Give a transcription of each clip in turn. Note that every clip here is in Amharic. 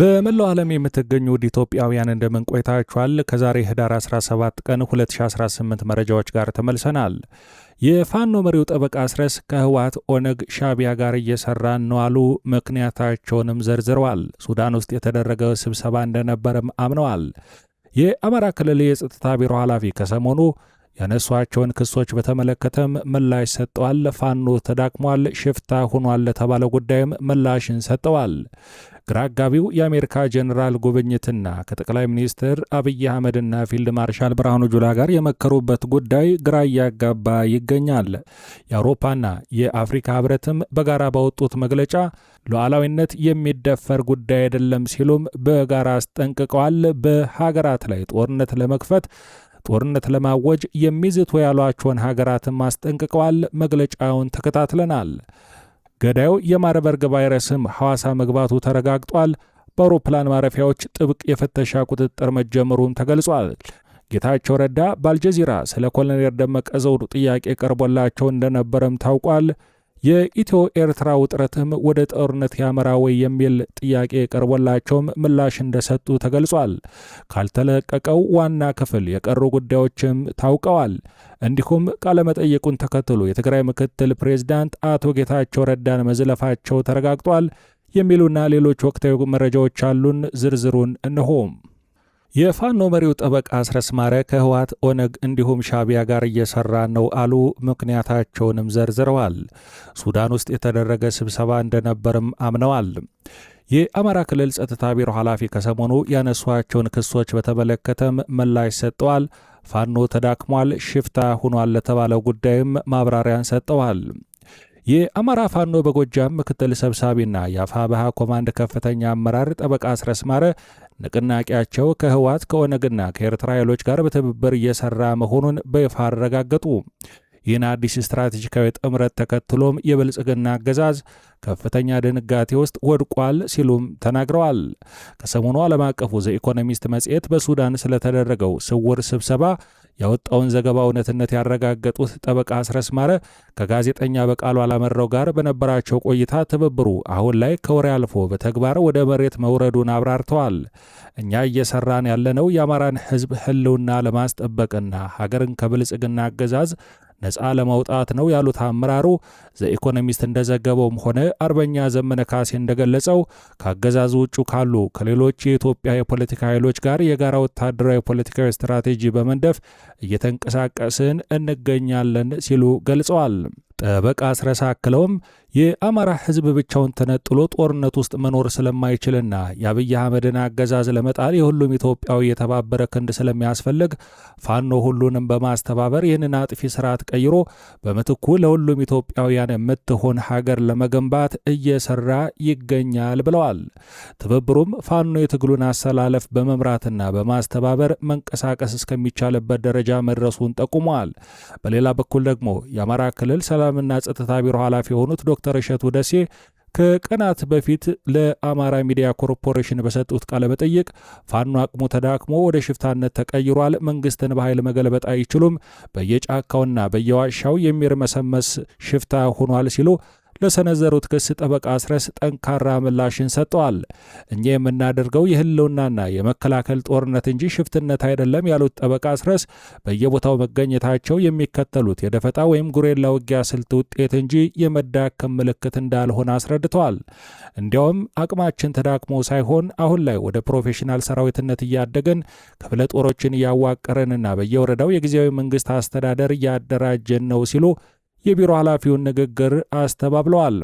በመላው ዓለም የምትገኙ ውድ ኢትዮጵያውያን እንደምን ቆይታችኋል? ከዛሬ ህዳር 17 ቀን 2018 መረጃዎች ጋር ተመልሰናል። የፋኖ መሪው ጠበቃ አስረስ ከህወሓት ኦነግ፣ ሻቢያ ጋር እየሰራን ነው አሉ። ምክንያታቸውንም ዘርዝረዋል። ሱዳን ውስጥ የተደረገ ስብሰባ እንደነበረም አምነዋል። የአማራ ክልል የጸጥታ ቢሮ ኃላፊ ከሰሞኑ ያነሷቸውን ክሶች በተመለከተም ምላሽ ሰጠዋል። ፋኖ ተዳክሟል፣ ሽፍታ ሆኗል ለተባለ ጉዳይም ምላሽን ሰጠዋል። ግራ አጋቢው የአሜሪካ ጀኔራል ጉብኝትና ከጠቅላይ ሚኒስትር አብይ አህመድና ፊልድ ማርሻል ብርሃኑ ጁላ ጋር የመከሩበት ጉዳይ ግራ እያጋባ ይገኛል። የአውሮፓና የአፍሪካ ህብረትም በጋራ ባወጡት መግለጫ ሉዓላዊነት የሚደፈር ጉዳይ አይደለም ሲሉም በጋራ አስጠንቅቀዋል። በሀገራት ላይ ጦርነት ለመክፈት ጦርነት ለማወጅ የሚዝቱ ያሏቸውን ሀገራትም አስጠንቅቀዋል። መግለጫውን ተከታትለናል። ገዳዩ የማርበርግ ቫይረስም ሐዋሳ መግባቱ ተረጋግጧል። በአውሮፕላን ማረፊያዎች ጥብቅ የፍተሻ ቁጥጥር መጀመሩም ተገልጿል። ጌታቸው ረዳ በአልጀዚራ ስለ ኮሎኔል ደመቀ ዘውዱ ጥያቄ ቀርቦላቸው እንደነበረም ታውቋል። የኢትዮ ኤርትራ ውጥረትም ወደ ጦርነት ያመራ ወይ የሚል ጥያቄ ቀርቦላቸውም ምላሽ እንደሰጡ ተገልጿል። ካልተለቀቀው ዋና ክፍል የቀሩ ጉዳዮችም ታውቀዋል። እንዲሁም ቃለመጠይቁን ተከትሎ የትግራይ ምክትል ፕሬዚዳንት አቶ ጌታቸው ረዳን መዝለፋቸው ተረጋግጧል። የሚሉና ሌሎች ወቅታዊ መረጃዎች አሉን። ዝርዝሩን እንሆም የፋኖ መሪው ጠበቃ አስረስ ማረ ከህወሓት ኦነግ፣ እንዲሁም ሻቢያ ጋር እየሰራ ነው አሉ። ምክንያታቸውንም ዘርዝረዋል። ሱዳን ውስጥ የተደረገ ስብሰባ እንደነበርም አምነዋል። የአማራ ክልል ጸጥታ ቢሮ ኃላፊ ከሰሞኑ ያነሷቸውን ክሶች በተመለከተም ምላሽ ሰጠዋል። ፋኖ ተዳክሟል፣ ሽፍታ ሆኗል ለተባለው ጉዳይም ማብራሪያን ሰጠዋል። የአማራ ፋኖ በጎጃም ምክትል ሰብሳቢና የአፋብሃ ኮማንድ ከፍተኛ አመራር ጠበቃ አስረስ ንቅናቄያቸው ከህወሓት ከኦነግና ከኤርትራ ኃይሎች ጋር በትብብር እየሰራ መሆኑን በይፋ አረጋገጡ። ይህን አዲስ ስትራቴጂካዊ ጥምረት ተከትሎም የብልጽግና አገዛዝ ከፍተኛ ድንጋቴ ውስጥ ወድቋል ሲሉም ተናግረዋል። ከሰሞኑ ዓለም አቀፉ ዘኢኮኖሚስት መጽሔት በሱዳን ስለተደረገው ስውር ስብሰባ ያወጣውን ዘገባ እውነትነት ያረጋገጡት ጠበቃ አስረስ ማረ ከጋዜጠኛ በቃሉ አላመራው ጋር በነበራቸው ቆይታ ትብብሩ አሁን ላይ ከወሬ አልፎ በተግባር ወደ መሬት መውረዱን አብራርተዋል። እኛ እየሰራን ያለነው የአማራን ሕዝብ ህልውና ለማስጠበቅና ሀገርን ከብልጽግና አገዛዝ ነፃ ለማውጣት ነው ያሉት አመራሩ ዘኢኮኖሚስት እንደዘገበውም ሆነ አርበኛ ዘመነ ካሴ እንደገለጸው ከአገዛዙ ውጭ ካሉ ከሌሎች የኢትዮጵያ የፖለቲካ ኃይሎች ጋር የጋራ ወታደራዊ ፖለቲካዊ ስትራቴጂ በመንደፍ እየተንቀሳቀስን እንገኛለን ሲሉ ገልጸዋል። ጠበቃ አስረስ አክለውም የአማራ ህዝብ ብቻውን ተነጥሎ ጦርነት ውስጥ መኖር ስለማይችልና የአብይ አህመድን አገዛዝ ለመጣል የሁሉም ኢትዮጵያዊ የተባበረ ክንድ ስለሚያስፈልግ ፋኖ ሁሉንም በማስተባበር ይህንን አጥፊ ስርዓት ቀይሮ በምትኩ ለሁሉም ኢትዮጵያውያን የምትሆን ሀገር ለመገንባት እየሰራ ይገኛል ብለዋል። ትብብሩም ፋኖ የትግሉን አሰላለፍ በመምራትና በማስተባበር መንቀሳቀስ እስከሚቻልበት ደረጃ መድረሱን ጠቁመዋል። በሌላ በኩል ደግሞ የአማራ ክልል ሰላምና ጸጥታ ቢሮ ኃላፊ የሆኑት ዶክተር እሸቱ ደሴ ከቀናት በፊት ለአማራ ሚዲያ ኮርፖሬሽን በሰጡት ቃለ መጠይቅ ፋኖ አቅሙ ተዳክሞ ወደ ሽፍታነት ተቀይሯል፣ መንግስትን በኃይል መገልበጥ አይችሉም፣ በየጫካውና በየዋሻው የሚርመሰመስ ሽፍታ ሆኗል ሲሉ ለሰነዘሩት ክስ ጠበቃ አስረስ ጠንካራ ምላሽን ሰጥተዋል። እኛ የምናደርገው የህልውናና የመከላከል ጦርነት እንጂ ሽፍትነት አይደለም ያሉት ጠበቃ አስረስ በየቦታው መገኘታቸው የሚከተሉት የደፈጣ ወይም ጉሬላ ውጊያ ስልት ውጤት እንጂ የመዳከም ምልክት እንዳልሆነ አስረድተዋል። እንዲያውም አቅማችን ተዳክሞ ሳይሆን አሁን ላይ ወደ ፕሮፌሽናል ሰራዊትነት እያደግን ክፍለ ጦሮችን እያዋቀረንና በየወረዳው የጊዜያዊ መንግስት አስተዳደር እያደራጀን ነው ሲሉ የቢሮ ኃላፊውን ንግግር አስተባብለዋል።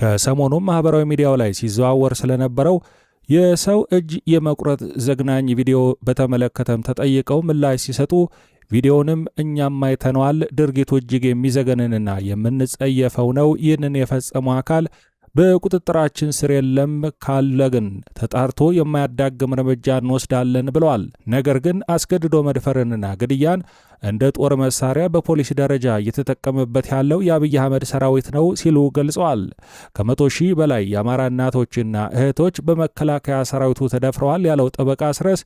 ከሰሞኑም ማኅበራዊ ሚዲያው ላይ ሲዘዋወር ስለነበረው የሰው እጅ የመቁረጥ ዘግናኝ ቪዲዮ በተመለከተም ተጠይቀው ምላሽ ሲሰጡ ቪዲዮንም እኛም አይተነዋል፣ ድርጊቱ እጅግ የሚዘገንንና የምንጸየፈው ነው። ይህንን የፈጸሙ አካል በቁጥጥራችን ስር የለም ካለ ግን ተጣርቶ የማያዳግም እርምጃ እንወስዳለን ብለዋል። ነገር ግን አስገድዶ መድፈርንና ግድያን እንደ ጦር መሳሪያ በፖሊስ ደረጃ እየተጠቀመበት ያለው የአብይ አህመድ ሰራዊት ነው ሲሉ ገልጸዋል። ከመቶ ሺህ በላይ የአማራ እናቶችና እህቶች በመከላከያ ሰራዊቱ ተደፍረዋል ያለው ጠበቃ ስረስ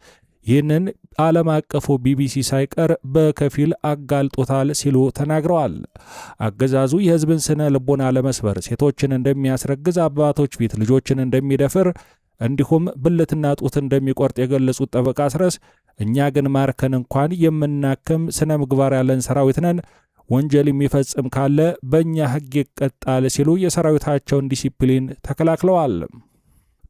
ይህንን ዓለም አቀፉ ቢቢሲ ሳይቀር በከፊል አጋልጦታል ሲሉ ተናግረዋል። አገዛዙ የህዝብን ስነ ልቦና ለመስበር ሴቶችን እንደሚያስረግዝ፣ አባቶች ፊት ልጆችን እንደሚደፍር እንዲሁም ብልትና ጡት እንደሚቆርጥ የገለጹት ጠበቃ አስረስ እኛ ግን ማርከን እንኳን የምናክም ስነ ምግባር ያለን ሰራዊት ነን ወንጀል የሚፈጽም ካለ በእኛ ህግ ይቀጣል ሲሉ የሰራዊታቸውን ዲሲፕሊን ተከላክለዋል።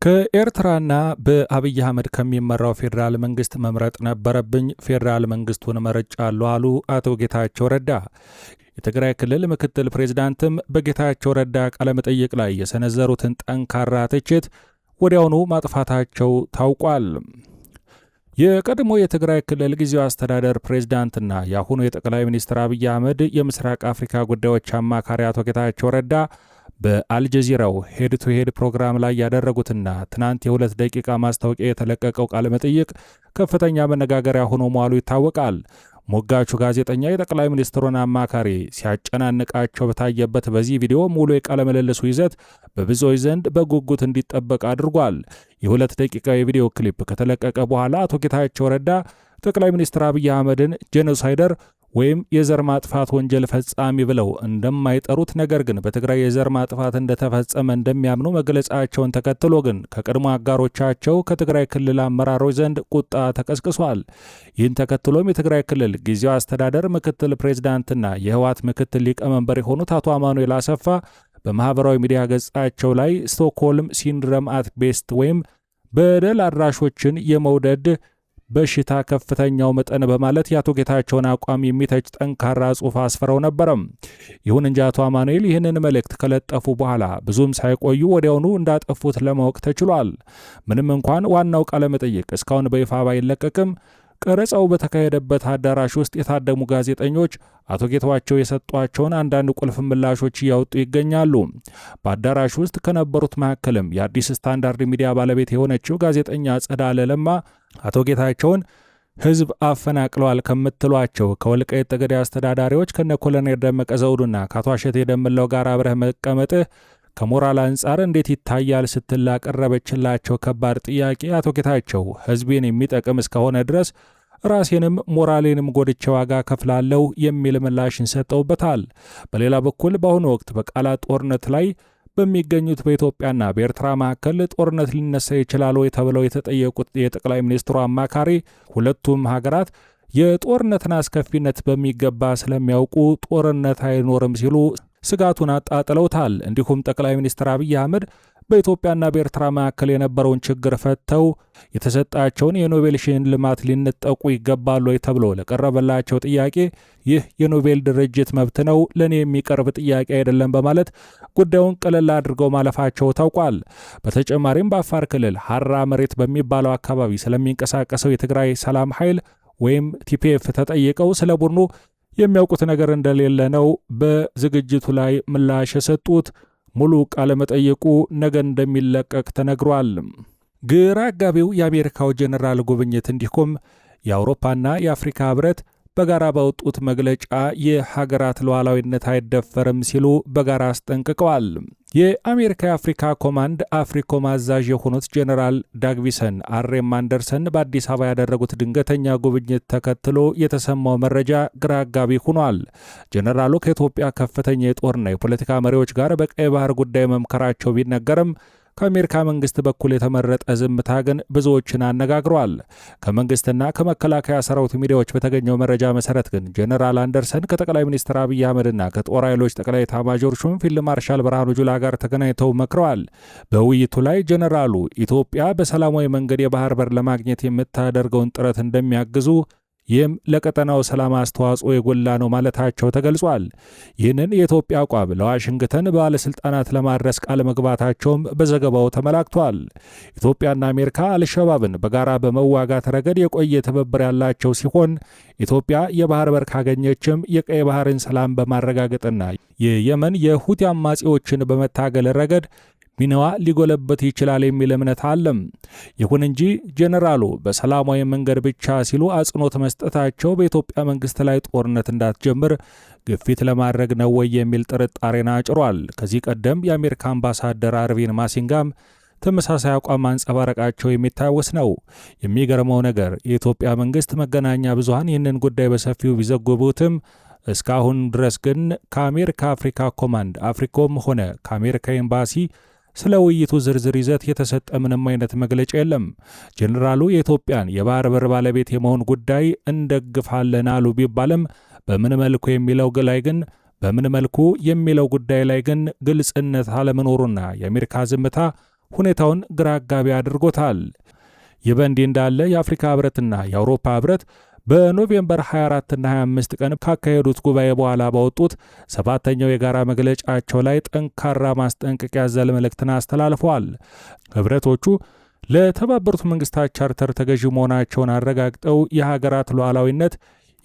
ከኤርትራና በአብይ አህመድ ከሚመራው ፌዴራል መንግስት መምረጥ ነበረብኝ፣ ፌዴራል መንግስቱን መርጫለሁ አሉ አቶ ጌታቸው ረዳ። የትግራይ ክልል ምክትል ፕሬዚዳንትም በጌታቸው ረዳ ቃለመጠይቅ ላይ የሰነዘሩትን ጠንካራ ትችት ወዲያውኑ ማጥፋታቸው ታውቋል። የቀድሞ የትግራይ ክልል ጊዜያዊ አስተዳደር ፕሬዝዳንትና የአሁኑ የጠቅላይ ሚኒስትር አብይ አህመድ የምስራቅ አፍሪካ ጉዳዮች አማካሪ አቶ ጌታቸው ረዳ በአልጀዚራው ሄድ ቱ ሄድ ፕሮግራም ላይ ያደረጉትና ትናንት የሁለት ደቂቃ ማስታወቂያ የተለቀቀው ቃለ መጠይቅ ከፍተኛ መነጋገሪያ ሆኖ መዋሉ ይታወቃል። ሞጋቹ ጋዜጠኛ የጠቅላይ ሚኒስትሩን አማካሪ ሲያጨናንቃቸው በታየበት በዚህ ቪዲዮ ሙሉ የቃለ ምልልሱ ይዘት በብዙዎች ዘንድ በጉጉት እንዲጠበቅ አድርጓል። የሁለት ደቂቃ የቪዲዮ ክሊፕ ከተለቀቀ በኋላ አቶ ጌታቸው ረዳ ጠቅላይ ሚኒስትር አብይ አህመድን ጄኖሳይደር ወይም የዘር ማጥፋት ወንጀል ፈጻሚ ብለው እንደማይጠሩት ነገር ግን በትግራይ የዘር ማጥፋት እንደተፈጸመ እንደሚያምኑ መግለጻቸውን ተከትሎ ግን ከቀድሞ አጋሮቻቸው ከትግራይ ክልል አመራሮች ዘንድ ቁጣ ተቀስቅሷል። ይህን ተከትሎም የትግራይ ክልል ጊዜው አስተዳደር ምክትል ፕሬዚዳንትና የህወሓት ምክትል ሊቀመንበር የሆኑት አቶ አማኑኤል አሰፋ በማኅበራዊ ሚዲያ ገጻቸው ላይ ስቶክሆልም ሲንድረም አት ቤስት ወይም በደል አድራሾችን የመውደድ በሽታ ከፍተኛው መጠን በማለት የአቶ ጌታቸውን አቋም የሚተች ጠንካራ ጽሑፍ አስፍረው ነበረም። ይሁን እንጂ አቶ አማኑኤል ይህንን መልእክት ከለጠፉ በኋላ ብዙም ሳይቆዩ ወዲያውኑ እንዳጠፉት ለማወቅ ተችሏል። ምንም እንኳን ዋናው ቃለመጠይቅ እስካሁን በይፋ ባይለቀቅም ቀረጻው በተካሄደበት አዳራሽ ውስጥ የታደሙ ጋዜጠኞች አቶ ጌታቸው የሰጧቸውን አንዳንድ ቁልፍ ምላሾች እያወጡ ይገኛሉ። በአዳራሽ ውስጥ ከነበሩት መካከልም የአዲስ ስታንዳርድ ሚዲያ ባለቤት የሆነችው ጋዜጠኛ ጸዳለ ለማ አቶ ጌታቸውን ህዝብ አፈናቅለዋል ከምትሏቸው ከወልቃይት ጠገዴ አስተዳዳሪዎች ከነ ኮሎኔል ደመቀ ዘውዱና ከአቶ አሸቴ ደምለው ጋር አብረህ መቀመጥህ ከሞራል አንጻር እንዴት ይታያል ስትል ላቀረበችላቸው ከባድ ጥያቄ አቶ ጌታቸው ሕዝቤን የሚጠቅም እስከሆነ ድረስ ራሴንም ሞራሌንም ጎድቼ ዋጋ ከፍላለው የሚል ምላሽን ሰጠውበታል። በሌላ በኩል በአሁኑ ወቅት በቃላት ጦርነት ላይ በሚገኙት በኢትዮጵያና በኤርትራ መካከል ጦርነት ሊነሳ ይችላል ወይ ተብለው የተጠየቁት የጠቅላይ ሚኒስትሩ አማካሪ ሁለቱም ሀገራት የጦርነትን አስከፊነት በሚገባ ስለሚያውቁ ጦርነት አይኖርም ሲሉ ስጋቱን አጣጥለውታል። እንዲሁም ጠቅላይ ሚኒስትር አብይ አህመድ በኢትዮጵያና በኤርትራ መካከል የነበረውን ችግር ፈተው የተሰጣቸውን የኖቤል ሽልማት ሊነጠቁ ይገባሉ ወይ ተብሎ ለቀረበላቸው ጥያቄ ይህ የኖቤል ድርጅት መብት ነው፣ ለእኔ የሚቀርብ ጥያቄ አይደለም በማለት ጉዳዩን ቀለል አድርገው ማለፋቸው ታውቋል። በተጨማሪም በአፋር ክልል ሀራ መሬት በሚባለው አካባቢ ስለሚንቀሳቀሰው የትግራይ ሰላም ኃይል ወይም ቲፒኤፍ ተጠይቀው ስለ ቡድኑ የሚያውቁት ነገር እንደሌለ ነው በዝግጅቱ ላይ ምላሽ የሰጡት። ሙሉ ቃለመጠይቁ ነገ እንደሚለቀቅ ተነግሯል። ግራ አጋቢው የአሜሪካው ጄኔራል ጉብኝት እንዲሁም የአውሮፓና የአፍሪካ ህብረት በጋራ ባወጡት መግለጫ የሀገራት ሉዓላዊነት አይደፈርም ሲሉ በጋራ አስጠንቅቀዋል። የአሜሪካ የአፍሪካ ኮማንድ አፍሪኮም አዛዥ የሆኑት ጄኔራል ዳግቪሰን አሬም አንደርሰን በአዲስ አበባ ያደረጉት ድንገተኛ ጉብኝት ተከትሎ የተሰማው መረጃ ግራ አጋቢ ሆኗል። ጄኔራሉ ከኢትዮጵያ ከፍተኛ የጦርና የፖለቲካ መሪዎች ጋር በቀይ ባህር ጉዳይ መምከራቸው ቢነገርም ከአሜሪካ መንግስት በኩል የተመረጠ ዝምታ ግን ብዙዎችን አነጋግሯል። ከመንግስትና ከመከላከያ ሰራዊት ሚዲያዎች በተገኘው መረጃ መሰረት ግን ጀነራል አንደርሰን ከጠቅላይ ሚኒስትር አብይ አህመድና ከጦር ኃይሎች ጠቅላይ ኤታማዦር ሹም ፊልድ ማርሻል ብርሃኑ ጁላ ጋር ተገናኝተው መክረዋል። በውይይቱ ላይ ጀነራሉ ኢትዮጵያ በሰላማዊ መንገድ የባህር በር ለማግኘት የምታደርገውን ጥረት እንደሚያግዙ ይህም ለቀጠናው ሰላም አስተዋጽኦ የጎላ ነው ማለታቸው ተገልጿል። ይህንን የኢትዮጵያ አቋም ለዋሽንግተን ባለሥልጣናት ለማድረስ ቃለ መግባታቸውም በዘገባው ተመላክቷል። ኢትዮጵያና አሜሪካ አልሸባብን በጋራ በመዋጋት ረገድ የቆየ ትብብር ያላቸው ሲሆን ኢትዮጵያ የባህር በር ካገኘችም የቀይ ባህርን ሰላም በማረጋገጥና የየመን የሁቲ አማጺዎችን በመታገል ረገድ ሚናዋ ሊጎለበት ይችላል የሚል እምነት አለም። ይሁን እንጂ ጄኔራሉ በሰላማዊ መንገድ ብቻ ሲሉ አጽንኦት መስጠታቸው በኢትዮጵያ መንግስት ላይ ጦርነት እንዳትጀምር ግፊት ለማድረግ ነው ወይ የሚል ጥርጣሬን አጭሯል። ከዚህ ቀደም የአሜሪካ አምባሳደር አርቪን ማሲንጋም ተመሳሳይ አቋም አንጸባረቃቸው የሚታወስ ነው። የሚገርመው ነገር የኢትዮጵያ መንግስት መገናኛ ብዙሃን ይህንን ጉዳይ በሰፊው ቢዘግቡትም እስካሁን ድረስ ግን ከአሜሪካ አፍሪካ ኮማንድ አፍሪኮም ሆነ ከአሜሪካ ኤምባሲ ስለ ውይይቱ ዝርዝር ይዘት የተሰጠ ምንም አይነት መግለጫ የለም። ጀኔራሉ የኢትዮጵያን የባህር በር ባለቤት የመሆን ጉዳይ እንደግፋለን አሉ ቢባልም በምን መልኩ የሚለው ላይ ግን በምን መልኩ የሚለው ጉዳይ ላይ ግን ግልጽነት አለመኖሩና የአሜሪካ ዝምታ ሁኔታውን ግራ አጋቢ አድርጎታል። ይህ በእንዲህ እንዳለ የአፍሪካ ህብረትና የአውሮፓ ህብረት በኖቬምበር 24ና 25 ቀን ካካሄዱት ጉባኤ በኋላ ባወጡት ሰባተኛው የጋራ መግለጫቸው ላይ ጠንካራ ማስጠንቀቂያ ያዘለ መልእክትን አስተላልፈዋል። ህብረቶቹ ለተባበሩት መንግስታት ቻርተር ተገዢ መሆናቸውን አረጋግጠው የሀገራት ሉዓላዊነት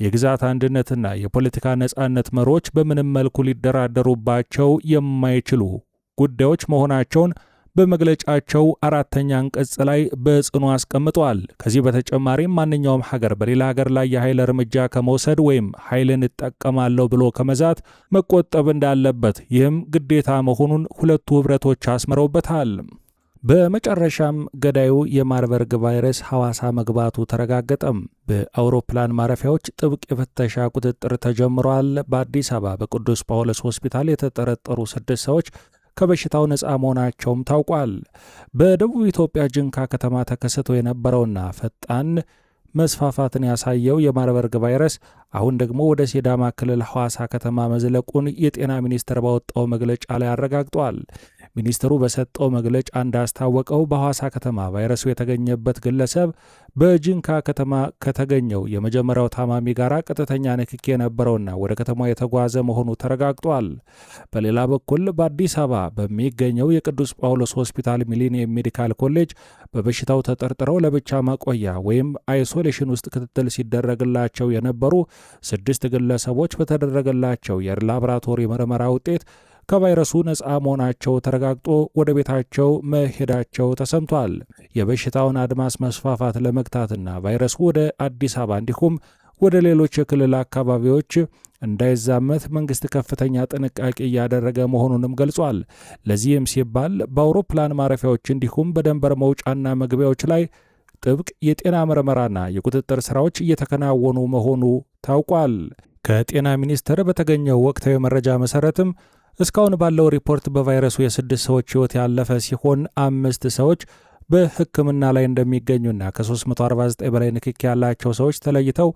የግዛት አንድነትና የፖለቲካ ነጻነት መሮች በምንም መልኩ ሊደራደሩባቸው የማይችሉ ጉዳዮች መሆናቸውን በመግለጫቸው አራተኛ አንቀጽ ላይ በጽኑ አስቀምጠዋል። ከዚህ በተጨማሪም ማንኛውም ሀገር በሌላ ሀገር ላይ የኃይል እርምጃ ከመውሰድ ወይም ኃይልን እጠቀማለሁ ብሎ ከመዛት መቆጠብ እንዳለበት ይህም ግዴታ መሆኑን ሁለቱ ህብረቶች አስምረውበታል። በመጨረሻም ገዳዩ የማርበርግ ቫይረስ ሐዋሳ መግባቱ ተረጋገጠም። በአውሮፕላን ማረፊያዎች ጥብቅ የፍተሻ ቁጥጥር ተጀምሯል። በአዲስ አበባ በቅዱስ ጳውሎስ ሆስፒታል የተጠረጠሩ ስድስት ሰዎች ከበሽታው ነፃ መሆናቸውም ታውቋል። በደቡብ ኢትዮጵያ ጅንካ ከተማ ተከስቶ የነበረውና ፈጣን መስፋፋትን ያሳየው የማርበርግ ቫይረስ አሁን ደግሞ ወደ ሲዳማ ክልል ሐዋሳ ከተማ መዝለቁን የጤና ሚኒስቴር ባወጣው መግለጫ ላይ አረጋግጧል። ሚኒስትሩ በሰጠው መግለጫ እንዳስታወቀው በሐዋሳ ከተማ ቫይረሱ የተገኘበት ግለሰብ በጂንካ ከተማ ከተገኘው የመጀመሪያው ታማሚ ጋር ቀጥተኛ ንክኪ የነበረውና ወደ ከተማ የተጓዘ መሆኑ ተረጋግጧል። በሌላ በኩል በአዲስ አበባ በሚገኘው የቅዱስ ጳውሎስ ሆስፒታል ሚሊኒየም ሜዲካል ኮሌጅ በበሽታው ተጠርጥረው ለብቻ ማቆያ ወይም አይሶሌሽን ውስጥ ክትትል ሲደረግላቸው የነበሩ ስድስት ግለሰቦች በተደረገላቸው የላብራቶሪ ምርመራ ውጤት ከቫይረሱ ነፃ መሆናቸው ተረጋግጦ ወደ ቤታቸው መሄዳቸው ተሰምቷል። የበሽታውን አድማስ መስፋፋት ለመግታትና ቫይረሱ ወደ አዲስ አበባ እንዲሁም ወደ ሌሎች የክልል አካባቢዎች እንዳይዛመት መንግስት ከፍተኛ ጥንቃቄ እያደረገ መሆኑንም ገልጿል። ለዚህም ሲባል በአውሮፕላን ማረፊያዎች እንዲሁም በደንበር መውጫና መግቢያዎች ላይ ጥብቅ የጤና ምርመራና የቁጥጥር ስራዎች እየተከናወኑ መሆኑ ታውቋል። ከጤና ሚኒስቴር በተገኘው ወቅታዊ መረጃ መሰረትም እስካሁን ባለው ሪፖርት በቫይረሱ የስድስት ሰዎች ሕይወት ያለፈ ሲሆን አምስት ሰዎች በሕክምና ላይ እንደሚገኙና ከ349 በላይ ንክኪ ያላቸው ሰዎች ተለይተው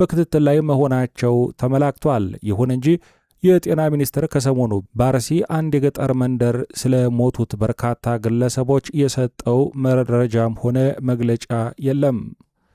በክትትል ላይ መሆናቸው ተመላክቷል። ይሁን እንጂ የጤና ሚኒስቴር ከሰሞኑ በአርሲ አንድ የገጠር መንደር ስለሞቱት በርካታ ግለሰቦች የሰጠው መረጃም ሆነ መግለጫ የለም።